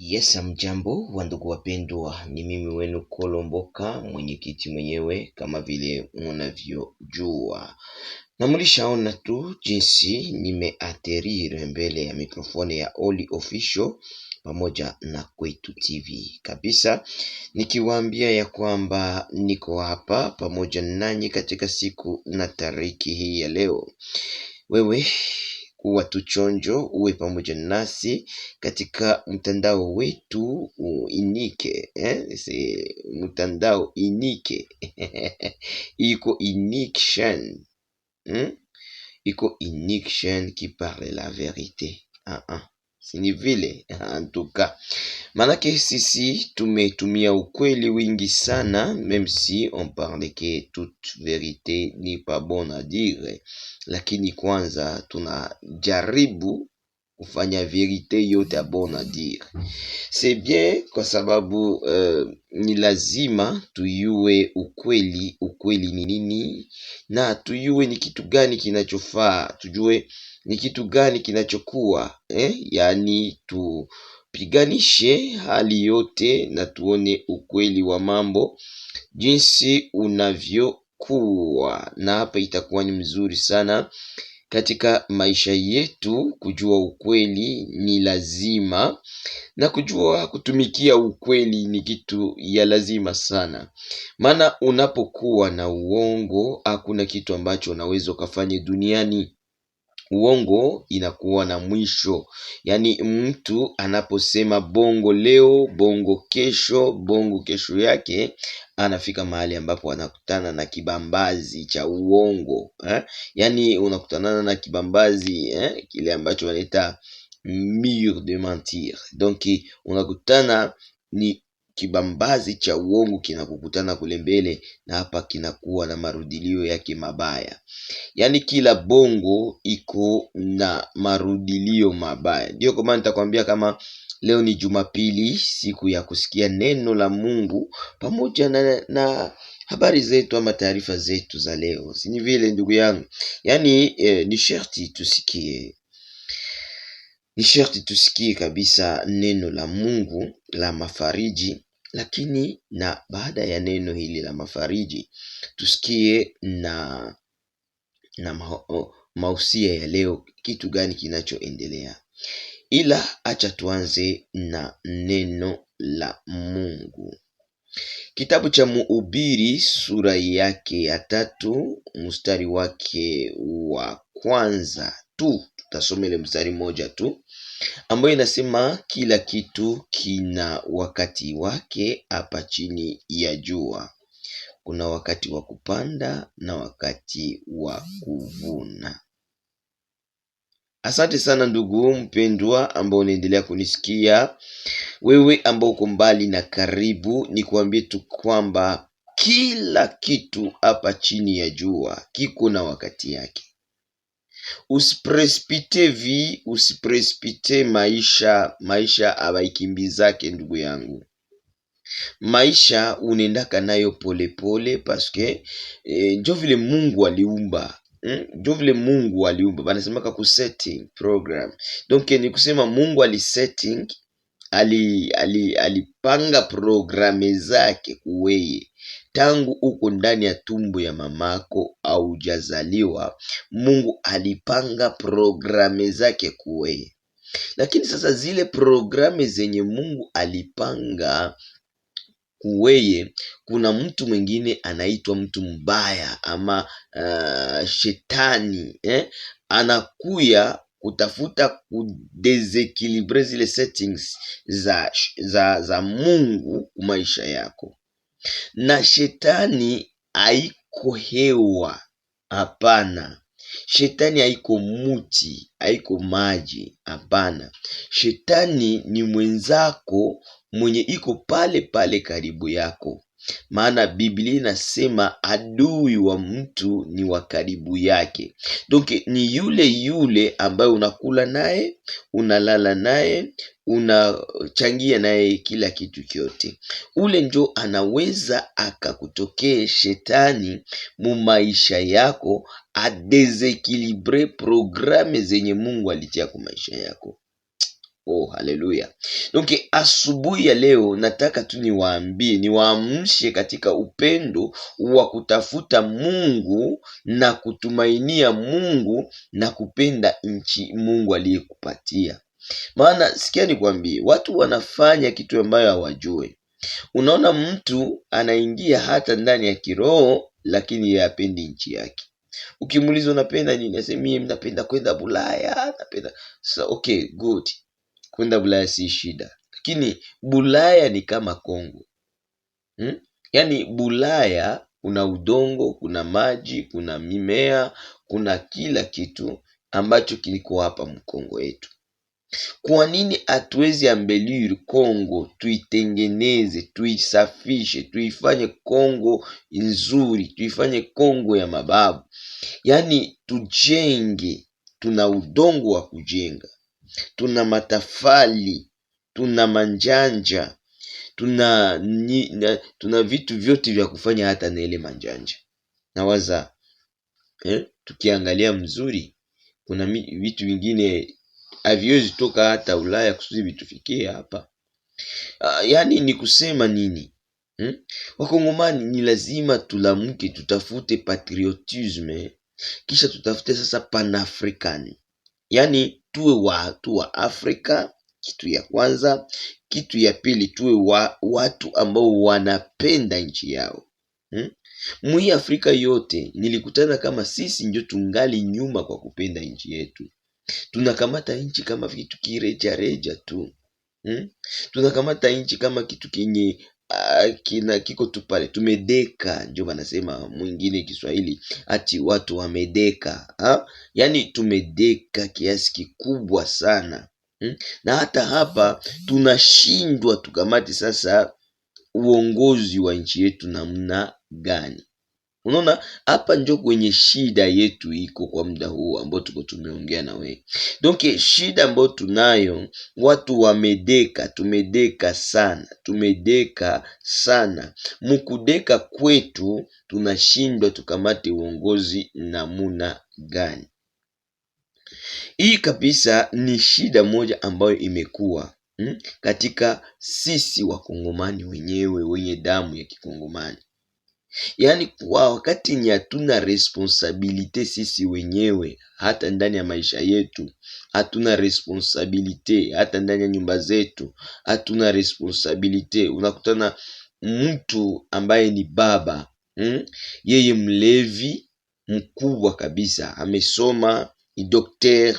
Yes, mjambo wa ndugu wapendwa, ni mimi wenu Kolomboka, mwenyekiti mwenyewe, kama vile munavyojua, na mlishaona tu jinsi nimeaterire mbele ya mikrofoni ya Holly Official pamoja na Kwetu TV kabisa, nikiwaambia ya kwamba niko hapa pamoja nanyi katika siku na tariki hii ya leo. Wewe kuwa tu chonjo, uwe pamoja nasi katika mtandao wetu inike eh? Se, mtandao inike iko inikshen hmm? iko inikshen qui parle la verite ah, ah ni vile eh, antuka, maanake sisi tumetumia ukweli wingi sana, meme si on parle que toute vérité ni pas bon à dire, lakini kwanza tunajaribu kufanya verite yote bon à dire. C'est bien kwa sababu uh, ni lazima tuyue ukweli, ukweli ni nini, na tuyue ni kitu gani kinachofaa, tujue ni kitu gani kinachokuwa eh? Yaani tupiganishe hali yote na tuone ukweli wa mambo jinsi unavyokuwa, na hapa itakuwa ni mzuri sana katika maisha yetu. Kujua ukweli ni lazima, na kujua kutumikia ukweli ni kitu ya lazima sana, maana unapokuwa na uongo hakuna kitu ambacho unaweza ukafanya duniani uongo inakuwa na mwisho. Yaani mtu anaposema bongo leo, bongo kesho, bongo kesho yake, anafika mahali ambapo anakutana na kibambazi cha uongo eh? Yaani unakutanana na kibambazi eh? Kile ambacho wanaita mur de mentir, donc unakutana ni kibambazi cha uongo kinakukutana kule mbele, na hapa kinakuwa na marudilio yake mabaya. Yaani kila bongo iko na marudilio mabaya. Ndio kwa maana nitakwambia kama leo ni Jumapili, siku ya kusikia neno la Mungu pamoja na, na habari zetu ama taarifa zetu za leo, si ni vile ndugu yangu? Yaani eh, ni sharti tusikie ni sharti tusikie kabisa neno la Mungu la mafariji lakini na baada ya neno hili la mafariji, tusikie na, na mausia ya leo, kitu gani kinachoendelea. Ila acha tuanze na neno la Mungu, kitabu cha muubiri sura yake ya tatu mstari wake wa kwanza tu, tutasoma ile mstari mmoja tu ambayo inasema kila kitu kina wakati wake hapa chini ya jua. Kuna wakati wa kupanda na wakati wa kuvuna. Asante sana ndugu mpendwa, ambao unaendelea kunisikia. Wewe ambao uko mbali na karibu, ni kuambie tu kwamba kila kitu hapa chini ya jua kiko na wakati yake usipresipite vi usiprecipitate maisha. Maisha habaikimbizake ndugu yangu, maisha unendaka nayo polepole paske eh, njo vile Mungu aliumba hm? njo vile Mungu aliumba, banasemaka ku setting program. Donc ni kusema Mungu ali setting ali, ali, alipanga programe zake kuweye tangu uko ndani ya tumbo ya mamako haujazaliwa, Mungu alipanga programu zake kuwe. Lakini sasa zile programu zenye Mungu alipanga kuweye, kuna mtu mwingine anaitwa mtu mbaya ama uh, shetani eh? anakuya kutafuta kudesekilibre zile settings za, za, za Mungu maisha yako na shetani haiko hewa, hapana. Shetani haiko muti, haiko maji, hapana. Shetani ni mwenzako mwenye iko pale pale karibu yako maana Biblia inasema adui wa mtu ni wa karibu yake. Donc ni yule yule ambaye unakula naye, unalala naye, unachangia naye kila kitu kyote, ule njo anaweza akakutokee shetani mu maisha yako, adezekilibre programe zenye Mungu alitia kwa maisha yako. Oh, haleluya. Donc asubuhi ya leo nataka tu niwaambie, niwaamshe katika upendo wa kutafuta Mungu na kutumainia Mungu na kupenda nchi Mungu aliyekupatia. Maana sikia, nikwambie, watu wanafanya kitu ambayo hawajue. Unaona, mtu anaingia hata ndani ya kiroho, lakini yeye hapendi nchi yake. Ukimuuliza unapenda nini, nasema mimi napenda kwenda Bulaya, napenda. So, okay, good kwenda bulaya si shida, lakini Bulaya ni kama Kongo hmm? Yaani Bulaya kuna udongo, kuna maji, kuna mimea, kuna kila kitu ambacho kiliko hapa mkongo yetu. Kwa nini hatuwezi ambelur Kongo, tuitengeneze, tuisafishe, tuifanye Kongo nzuri, tuifanye Kongo ya mababu? Yaani tujenge, tuna udongo wa kujenga tuna matafali, tuna manjanja, tuna ni, na, tuna vitu vyote vya kufanya hata na ile manjanja nawaza eh, tukiangalia mzuri kuna vitu vingine haviwezi toka hata Ulaya kusudi vitufikie hapa. Ah, yani ni kusema nini hmm? Wakongomani ni lazima tulamke, tutafute patriotisme, kisha tutafute sasa panafrikani, yani tuwe watu wa Afrika, kitu ya kwanza. Kitu ya pili, tuwe wa, watu ambao wanapenda nchi yao hmm? Mwi Afrika yote nilikutana kama sisi ndio tungali nyuma kwa kupenda nchi yetu. Tunakamata nchi kama kitu kirejareja tu hmm? Tunakamata nchi kama kitu kenye Ah, kina kiko tu pale, tumedeka. Ndio wanasema mwingine Kiswahili ati watu wamedeka ha? Yani tumedeka kiasi kikubwa sana hmm? Na hata hapa tunashindwa tukamati sasa uongozi wa nchi yetu namna gani? Unaona, hapa ndio kwenye shida yetu iko kwa muda huu ambao tuko tumeongea na wewe. Donc shida ambayo tunayo, watu wamedeka, tumedeka sana, tumedeka sana. Mukudeka kwetu tunashindwa tukamate uongozi namuna gani? Hii kabisa ni shida moja ambayo imekuwa Hmm, katika sisi wakongomani wenyewe wenye damu ya kikongomani Yaani kwa wakati ni hatuna responsabilite sisi wenyewe hata ndani ya maisha yetu, hatuna responsabilite hata ndani ya nyumba zetu, hatuna responsabilite. Unakutana mtu ambaye ni baba mm, yeye mlevi mkubwa kabisa, amesoma ni dokter,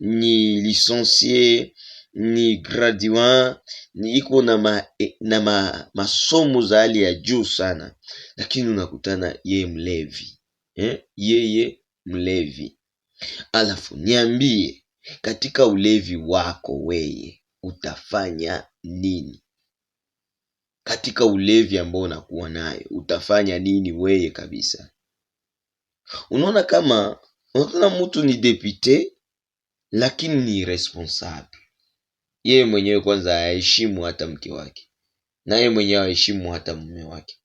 ni lisensie ni graduan ni iko na, ma, e, na ma, masomo za hali ya juu sana, lakini unakutana ye mlevi eh? Yeye mlevi. Alafu niambie, katika ulevi wako weye utafanya nini? Katika ulevi ambao unakuwa naye utafanya nini weye kabisa? Unaona kama unakutana mutu ni depute lakini ni responsable yeye mwenyewe kwanza aheshimu hata mke wake, na yeye mwenyewe aheshimu hata mume wake,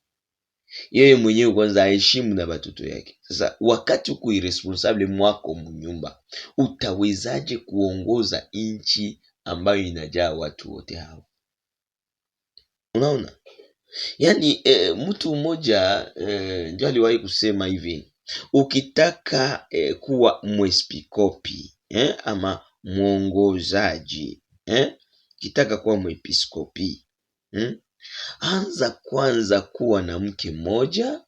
yeye mwenyewe kwanza aheshimu na watoto yake. Sasa wakati uko irresponsable mwako munyumba, utawezaje kuongoza nchi ambayo inajaa watu wote hao? Unaona, yaani e, mtu mmoja e, ndio aliwahi kusema hivi ukitaka e, kuwa mwespikopi eh, ama mwongozaji eh? Kitaka kuwa mwepiskopi hmm? Anza kwanza kuwa na mke mmoja,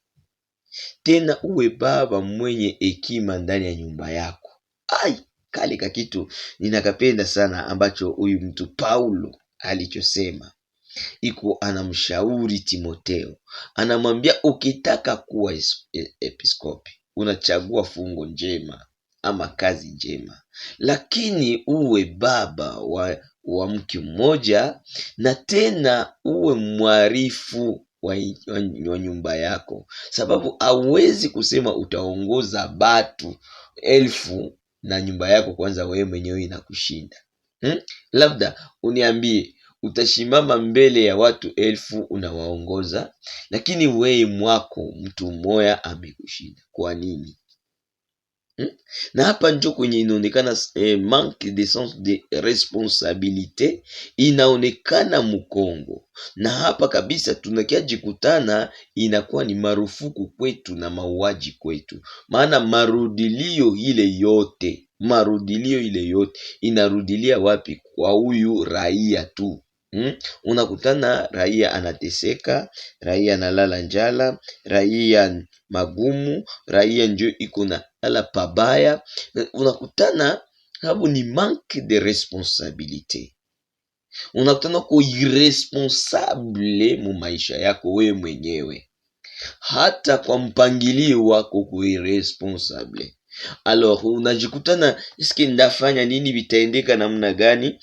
tena uwe baba mwenye hekima ndani ya nyumba yako. Ai, kale ka kitu ninakapenda sana ambacho huyu mtu Paulo alichosema iko anamshauri Timoteo, anamwambia ukitaka kuwa e-, episkopi unachagua fungo njema ama kazi njema, lakini uwe baba wa, wa mke mmoja na tena uwe mwarifu wa, wa, wa nyumba yako, sababu hauwezi kusema utaongoza batu elfu na nyumba yako kwanza wewe mwenyewe inakushinda hmm? Labda uniambie utasimama mbele ya watu elfu unawaongoza, lakini wewe mwako mtu mmoja amekushinda. Kwa nini? Hmm? na hapa njo kwenye inaonekana eh, manque de sens de responsabilité inaonekana Mkongo, na hapa kabisa tunakiajikutana inakuwa ni marufuku kwetu na mauaji kwetu, maana marudilio ile yote marudilio ile yote inarudilia wapi? Kwa huyu raia tu. Hmm? Unakutana raia anateseka, raia analala njala, raia magumu, raia njo iko na wala pabaya. Unakutana habu ni manque de responsabilite, unakutana ko irresponsable mu maisha yako wewe mwenyewe, hata kwa mpangilio wako ku irresponsable. Alors unajikutana iski ndafanya nini, vitaendeka namna gani?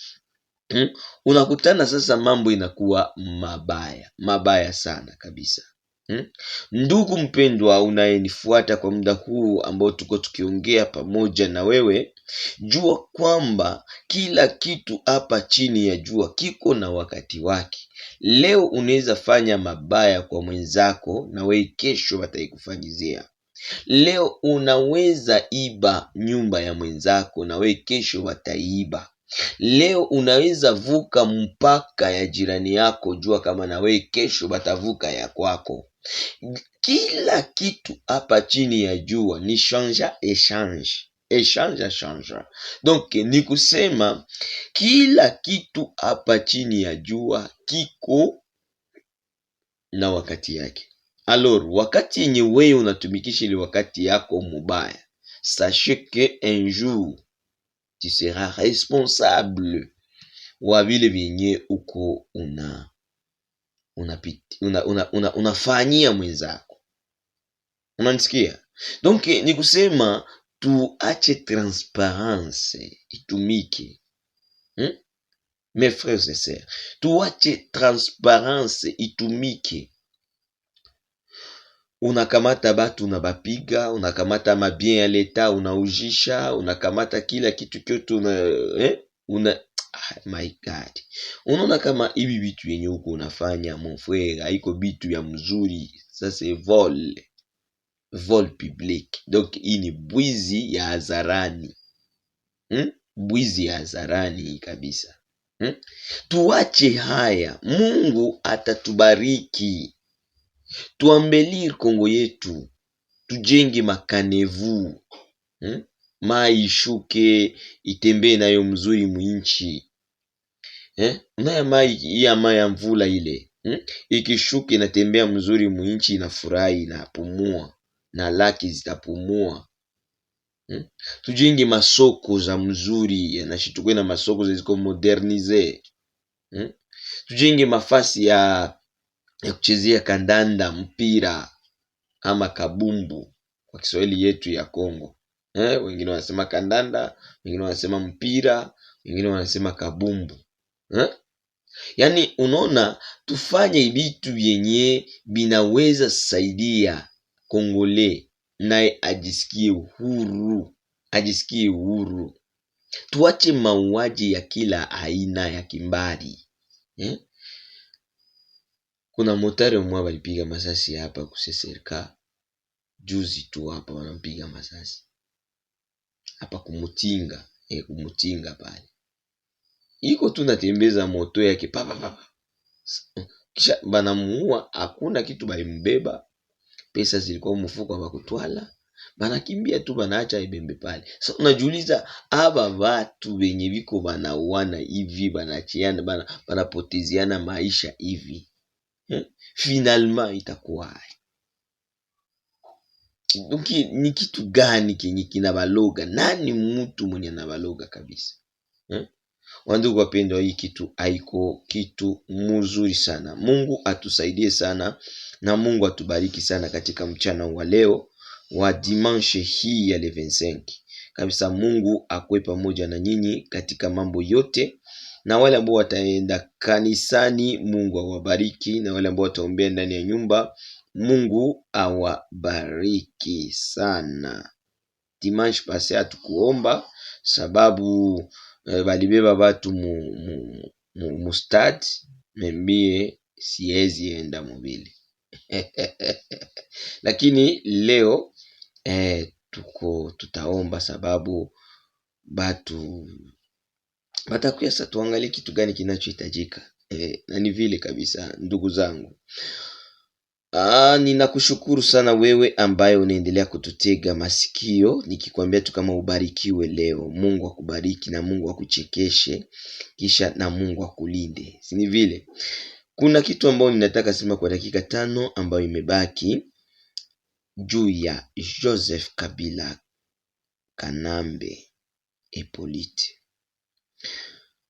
Hmm, unakutana sasa mambo inakuwa mabaya mabaya sana kabisa. Hmm? Ndugu mpendwa unayenifuata kwa muda huu ambao tuko tukiongea pamoja na wewe, jua kwamba kila kitu hapa chini ya jua kiko na wakati wake. Leo unaweza fanya mabaya kwa mwenzako na wewe kesho wataikufanyizia. Leo unaweza iba nyumba ya mwenzako na wewe kesho wataiba Leo unaweza vuka mpaka ya jirani yako, jua kama na wewe kesho watavuka ya kwako. Kila kitu hapa chini ya jua ni chanja echange echanja chanja. Donc ni kusema kila kitu hapa chini ya jua kiko na wakati yake. Alors, wakati yenye wewe unatumikisha ile wakati yako mubaya, sache que un jour tu seras responsable wa vile vyenye uko una unafanyia una, una, una mwenzako unanisikia donc ni kusema tuache transparence itumike hmm? mes frères et sœurs tuache transparence itumike unakamata batu unabapiga, unakamata mabien ya leta unaujisha, unakamata kila kitu kyote una, eh? una my God, unaona kama hivi vitu yenye huko unafanya monfrere haiko bitu ya mzuri. Sasa vol vol public, donc hii ni bwizi ya hadharani hmm? Bwizi ya hadharani kabisa hmm? Tuache haya, Mungu atatubariki. Tuambelir Kongo yetu, tujenge makanevu hmm? mai ishuke itembee nayo mzuri mwinchi eh? Naya mai iya mai ya mvula ile hmm? ikishuke inatembea mzuri mwinchi, inafurahi, inapumua na laki zitapumua hmm? tujingi masoko za mzuri nashi na masoko ziko modernize hmm? tujingi mafasi ya ya kuchezea kandanda, mpira ama kabumbu kwa Kiswahili yetu ya Kongo eh, wengine wanasema kandanda, wengine wanasema mpira, wengine wanasema kabumbu eh? Yaani unaona, tufanye vitu vyenye vinaweza saidia Kongole naye ajisikie huru, ajisikie huru. Tuache mauaji ya kila aina ya kimbari eh? Kuna motari mwa walipiga masasi hapa kuseserka juzi tu hapa, wanampiga masasi hapa kumutinga e, kumutinga pale, iko tu natembeza moto yake papapapa, eh, kisha banamuua. Hakuna kitu balimbeba, pesa zilikuwa mfuko, abakutwala banakimbia tu, banaacha ibembe pale. So unajiuliza aba batu benye biko banauana hivi banachiana bana, banapoteziana maisha hivi, hmm? Finalement itakuwaje? uki, ni kitu gani kenye baloga Nani mtu mwenye baloga kabisa eh? Wandugu wapendwa, hii kitu haiko kitu mzuri sana. Mungu atusaidie sana na Mungu atubariki sana katika mchana wa leo wa dimanche hii ya 25 kabisa. Mungu akuwe pamoja na nyinyi katika mambo yote, na wale ambao wataenda kanisani Mungu awabariki, na wale ambao wataombea ndani ya nyumba Mungu awabariki sana. Dimanche pase hatukuomba sababu eh, balibeba batu mu, mu, mu, mu stade membie siezi enda mobili lakini leo eh, tuko tutaomba sababu batu batakuya. Sasa tuangalie kitu gani kinachohitajika eh, na ni vile kabisa, ndugu zangu. Aa, ah, ninakushukuru sana wewe ambaye unaendelea kututega masikio nikikwambia tu kama ubarikiwe leo. Mungu akubariki na Mungu akuchekeshe kisha na Mungu akulinde. Si ni vile? Kuna kitu ambayo ninataka sema kwa dakika tano ambayo imebaki juu ya Joseph Kabila Kanambe Epolite.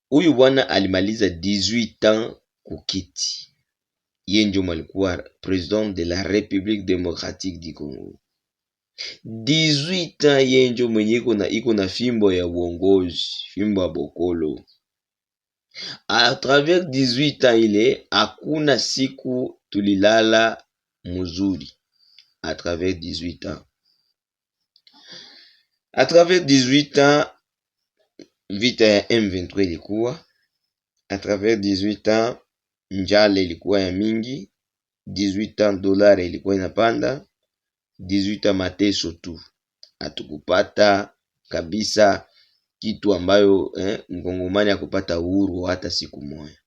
Huyu bwana alimaliza 18 ans kukiti yeye Joma alikuwa president de la Republique démocratique du Congo. 18 ans yeye njo mwenye iko na fimbo ya uongozi, fimbo ya bokolo. A travers 18 ans ile hakuna siku tulilala mzuri. A travers 18 ans. A travers 18 ans vita ya M23 ilikuwa. A travers 18 ans njale ilikuwa ya mingi 18 ans dolare ilikuwa inapanda 18 ans mateso tu, atukupata kabisa kitu ambayo eh, mkongomani akupata uhuru hata siku moja.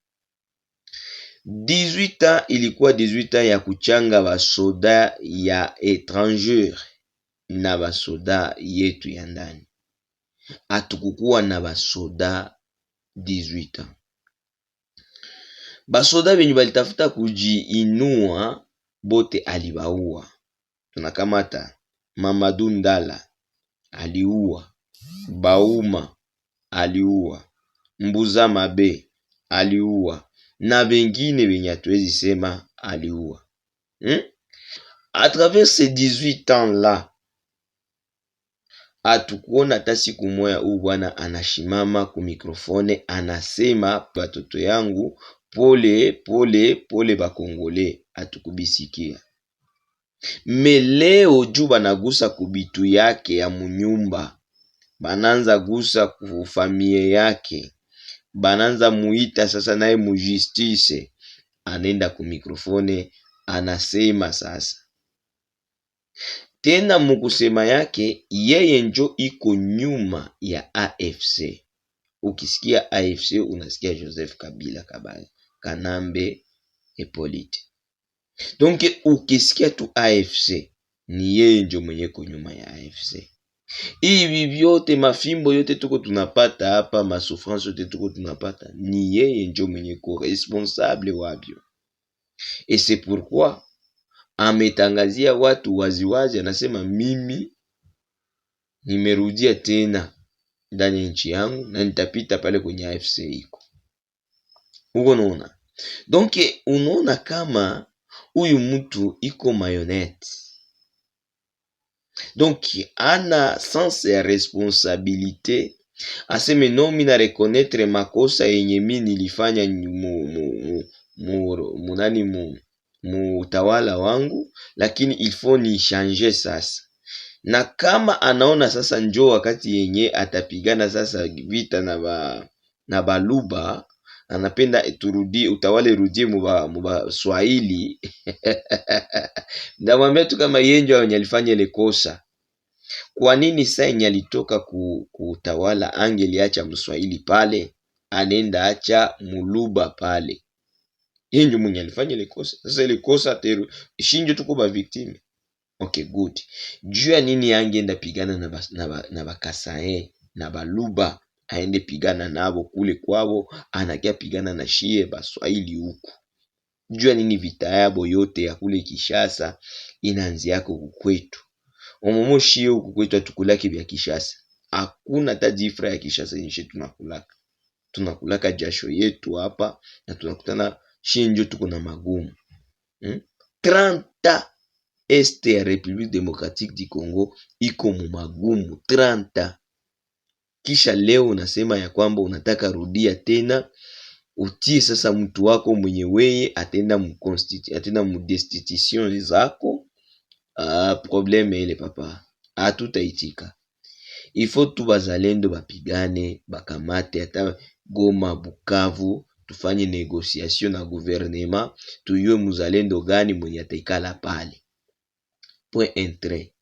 18 ans ilikuwa 18 ans ya kuchanga basoda ya etranger na basoda yetu ya ndani, atukukuwa na basoda 18 ans Basoda benye balitafuta kujiinua bote alibaua. Tunakamata Mamadu Ndala aliua, Bauma aliua, Mbuza Mabe aliua na bengine benye hatuwezi sema aliua hmm? A travers ces 18 ans la atukuona ta siku moya huu bwana anashimama ku mikrofone anasema, batoto yangu pole pole pole bakongole atukubisikia me leo juu banagusa kubitu yake ya munyumba bananza gusa kufamie yake bananza muita sasa naye mujustice ku mikrofone anasema sasa tena mukusema yake yeye njo iko nyuma ya AFC. Ukisikia AFC unasikia Joseph Kabila kabali Kanambe Hippolyte. Donc ukisikia tu AFC ni yeye ndio mwenye konyuma ya AFC. Hivi vyote mafimbo yote tuko tunapata hapa, masufrance yote tuko tunapata, ni yeye ndio mwenye ko responsable wavyo, et c'est pourquoi ametangazia watu waziwazi, anasema mimi nimerudia tena ndani ya nchi yangu na nitapita pale kwenye AFC iko unaona. Donke unaona kama huyu mtu iko mayonete donk ana sense ya responsabilite aseme no, mi na rekonetre makosa yenye mi nilifanya mu, mu, mu, mu, munani mu, wangu, lakini ilfo ni change sasa. Na kama anaona sasa njo wakati yenye atapigana sasa vita na ba, na baluba anapenda turudi utawale urudie mubaswahili ndamwambia tu kama yenjo wenye alifanya ile kosa. Kwa nini saa yenye alitoka kutawala angeliacha mswahili pale, anenda acha muluba pale? Yenjo mwenye alifanya ile kosa. Sasa ile kosa teru shinjo tuko ba victim. Okay, good. Jua ya nini angeenda pigana na ba, na, ba, na Bakasae na Baluba aende pigana nabo kule kwabo, anakia pigana na shie baswahili huku. Jua nini vita yabo yote ya kule Kishasa inaanzia yako kwetu omomoshie huku kwetu atukulaki vya Kishasa, hakuna hata ya Kishasa nishe tunakulaka, tunakulaka jasho yetu hapa na tunakutana shie, njo tuko na magumu hmm? 30 este ya Republique Democratique du Congo iko mu magumu kisha leo unasema ya kwamba unataka rudia tena, utie sasa mtu wako mwenye weye atenda mkonstiti atenda mudestitution zako. Ah, probleme ile papa hatutaitika. Ifo tu bazalendo bapigane, bakamate hata Goma, Bukavu, tufanye negociation na guvernema, tuyue muzalendo gani mwenye ataikala pale point entre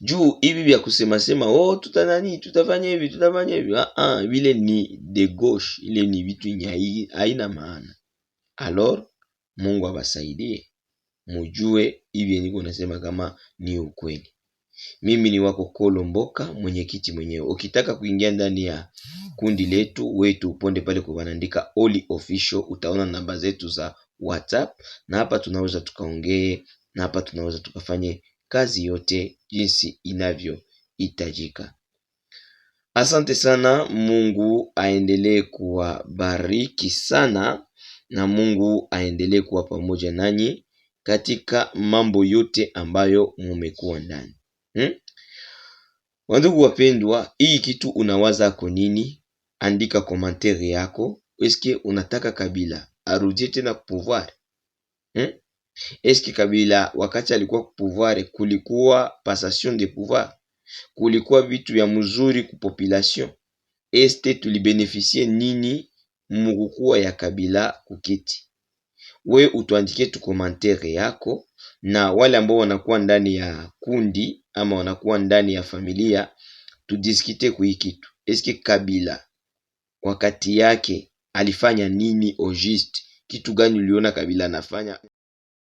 juu hivi vya kusema sema oh, tuta nani tutafanya hivi tutafanya hivi ah, ah, vile ni de gauche, ile ni vitu yenye haina maana. Alors Mungu abasaidie mujue hivi niko nasema kama ni ukweli. Mimi ni wako Kolomboka, Mboka, mwenyekiti mwenyewe. Ukitaka kuingia ndani ya kundi letu wetu, uponde pale kwa wanaandika Oli Official, utaona namba zetu za WhatsApp, na hapa tunaweza tukaongee, na hapa tunaweza tukafanye kazi yote jinsi inavyohitajika. Asante sana. Mungu aendelee kuwabariki sana, na Mungu aendelee kuwa pamoja nanyi katika mambo yote ambayo mumekuwa ndani hmm? Wandugu wapendwa, hii kitu unawaza ko nini? Andika komantere yako. Eske unataka Kabila arudie tena pouvoir hmm? eske Kabila wakati alikuwa pouvoir kulikuwa passation de pouvoir, kulikuwa vitu vya mzuri ku population? Este tulibenefisie nini mukukuwa ya Kabila kukiti? We utuandike tu commentaire yako, na wale ambao wanakuwa ndani ya kundi ama wanakuwa ndani ya familia tudiskite kui kitu. Eske Kabila wakati yake alifanya nini? Au juste kitu gani uliona Kabila anafanya?